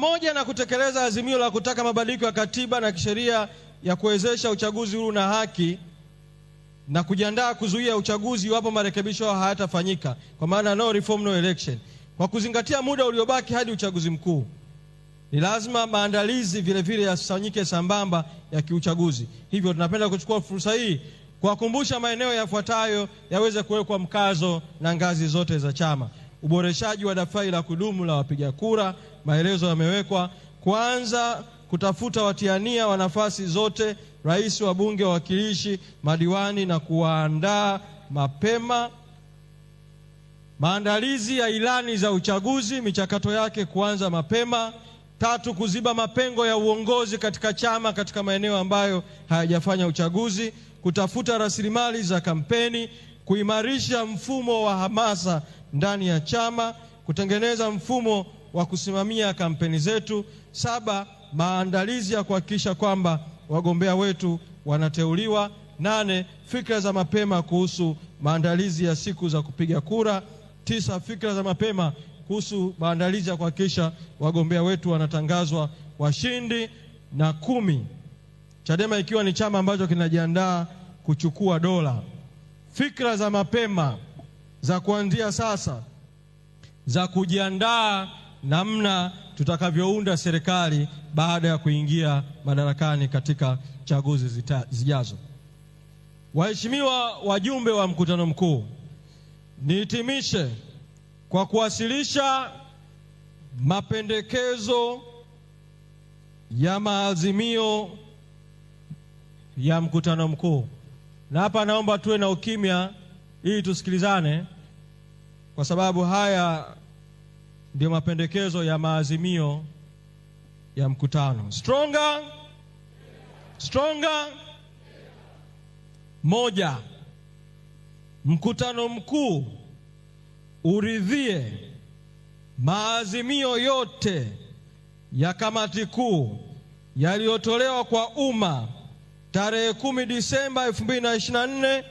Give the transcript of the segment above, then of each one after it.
Pamoja na kutekeleza azimio la kutaka mabadiliko ya katiba na kisheria ya kuwezesha uchaguzi huru na haki na kujiandaa kuzuia uchaguzi iwapo marekebisho hayatafanyika, kwa maana no reform no election, kwa kuzingatia muda uliobaki hadi uchaguzi mkuu, ni lazima maandalizi vile yasifanyike sambamba ya kiuchaguzi. Hivyo tunapenda kuchukua fursa hii kuwakumbusha maeneo yafuatayo yaweze kuwekwa mkazo na ngazi zote za chama: uboreshaji wa daftari la kudumu la wapiga kura maelezo yamewekwa. Kwanza, kutafuta watiania wa nafasi zote, rais, wabunge, wawakilishi, madiwani na kuwaandaa mapema. Maandalizi ya ilani za uchaguzi, michakato yake kuanza mapema. Tatu, kuziba mapengo ya uongozi katika chama katika maeneo ambayo hayajafanya uchaguzi, kutafuta rasilimali za kampeni, kuimarisha mfumo wa hamasa ndani ya chama, kutengeneza mfumo wa kusimamia kampeni zetu. Saba, maandalizi ya kuhakikisha kwamba wagombea wetu wanateuliwa. Nane, fikra za mapema kuhusu maandalizi ya siku za kupiga kura. Tisa, fikra za mapema kuhusu maandalizi ya kuhakikisha wagombea wetu wanatangazwa washindi. Na kumi, Chadema ikiwa ni chama ambacho kinajiandaa kuchukua dola, fikra za mapema za kuanzia sasa za kujiandaa namna tutakavyounda serikali baada ya kuingia madarakani katika chaguzi zijazo. Waheshimiwa wajumbe wa mkutano mkuu, nihitimishe kwa kuwasilisha mapendekezo ya maazimio ya mkutano mkuu, na hapa naomba tuwe na ukimya ili tusikilizane, kwa sababu haya ndio mapendekezo ya maazimio ya mkutano. Stronger, stronger. Moja, mkutano mkuu uridhie maazimio yote ya kamati kuu yaliyotolewa kwa umma tarehe 10 Disemba 2024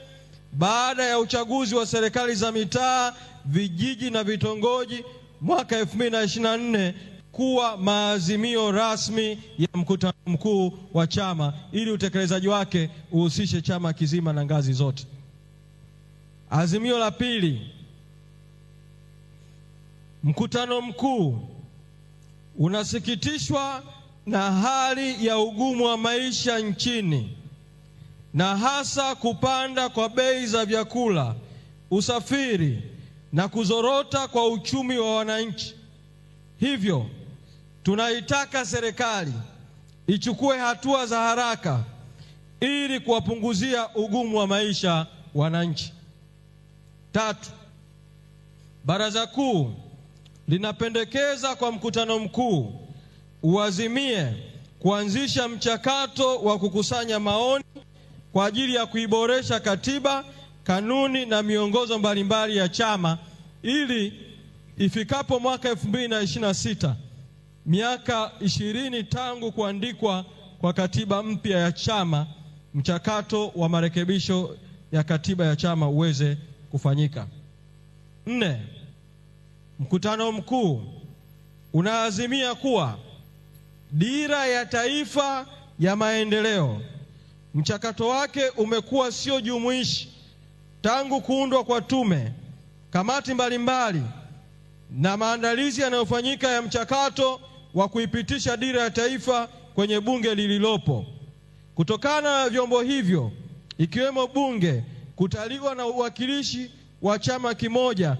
baada ya uchaguzi wa serikali za mitaa, vijiji na vitongoji mwaka 2024 kuwa maazimio rasmi ya mkutano mkuu wa chama ili utekelezaji wake uhusishe chama kizima na ngazi zote. Azimio la pili, mkutano mkuu unasikitishwa na hali ya ugumu wa maisha nchini na hasa kupanda kwa bei za vyakula, usafiri na kuzorota kwa uchumi wa wananchi. Hivyo tunaitaka serikali ichukue hatua za haraka ili kuwapunguzia ugumu wa maisha wananchi. Tatu, Baraza Kuu linapendekeza kwa mkutano mkuu uazimie kuanzisha mchakato wa kukusanya maoni kwa ajili ya kuiboresha katiba kanuni na miongozo mbalimbali ya chama ili ifikapo mwaka sita miaka ishirini tangu kuandikwa kwa katiba mpya ya chama, mchakato wa marekebisho ya katiba ya chama uweze kufanyika. Nne, mkutano mkuu unaazimia kuwa dira ya taifa ya maendeleo mchakato wake umekuwa sio jumuishi Tangu kuundwa kwa tume, kamati mbalimbali na maandalizi yanayofanyika ya mchakato wa kuipitisha dira ya taifa kwenye bunge lililopo, kutokana na vyombo hivyo ikiwemo bunge kutaliwa na uwakilishi wa chama kimoja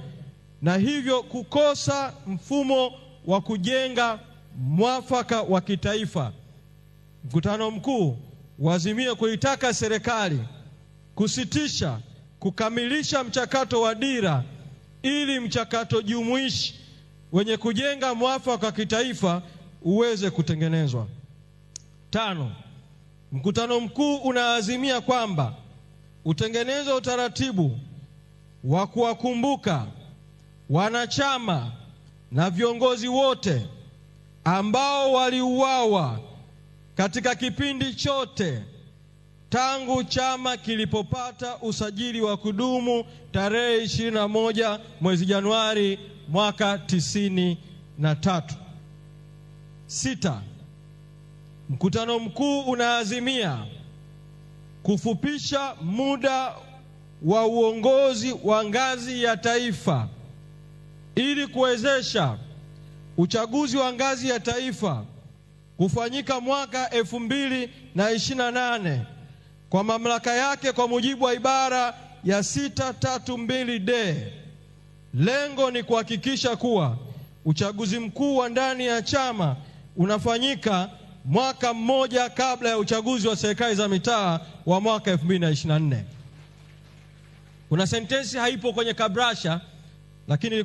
na hivyo kukosa mfumo wa kujenga mwafaka wa kitaifa. Mkutano mkuu wazimia kuitaka serikali kusitisha kukamilisha mchakato wa dira ili mchakato jumuishi wenye kujenga mwafaka wa kitaifa uweze kutengenezwa. Tano, mkutano mkuu unaazimia kwamba utengenezo utaratibu wa kuwakumbuka wanachama na viongozi wote ambao waliuawa katika kipindi chote tangu chama kilipopata usajili wa kudumu tarehe 21 mwezi Januari mwaka tisini na tatu. Sita, mkutano mkuu unaazimia kufupisha muda wa uongozi wa ngazi ya taifa ili kuwezesha uchaguzi wa ngazi ya taifa kufanyika mwaka elfu mbili na ishirini na nane kwa mamlaka yake kwa mujibu wa ibara ya 632D. Lengo ni kuhakikisha kuwa uchaguzi mkuu wa ndani ya chama unafanyika mwaka mmoja kabla ya uchaguzi wa serikali za mitaa wa mwaka 2024. Kuna sentensi haipo kwenye kabrasha lakini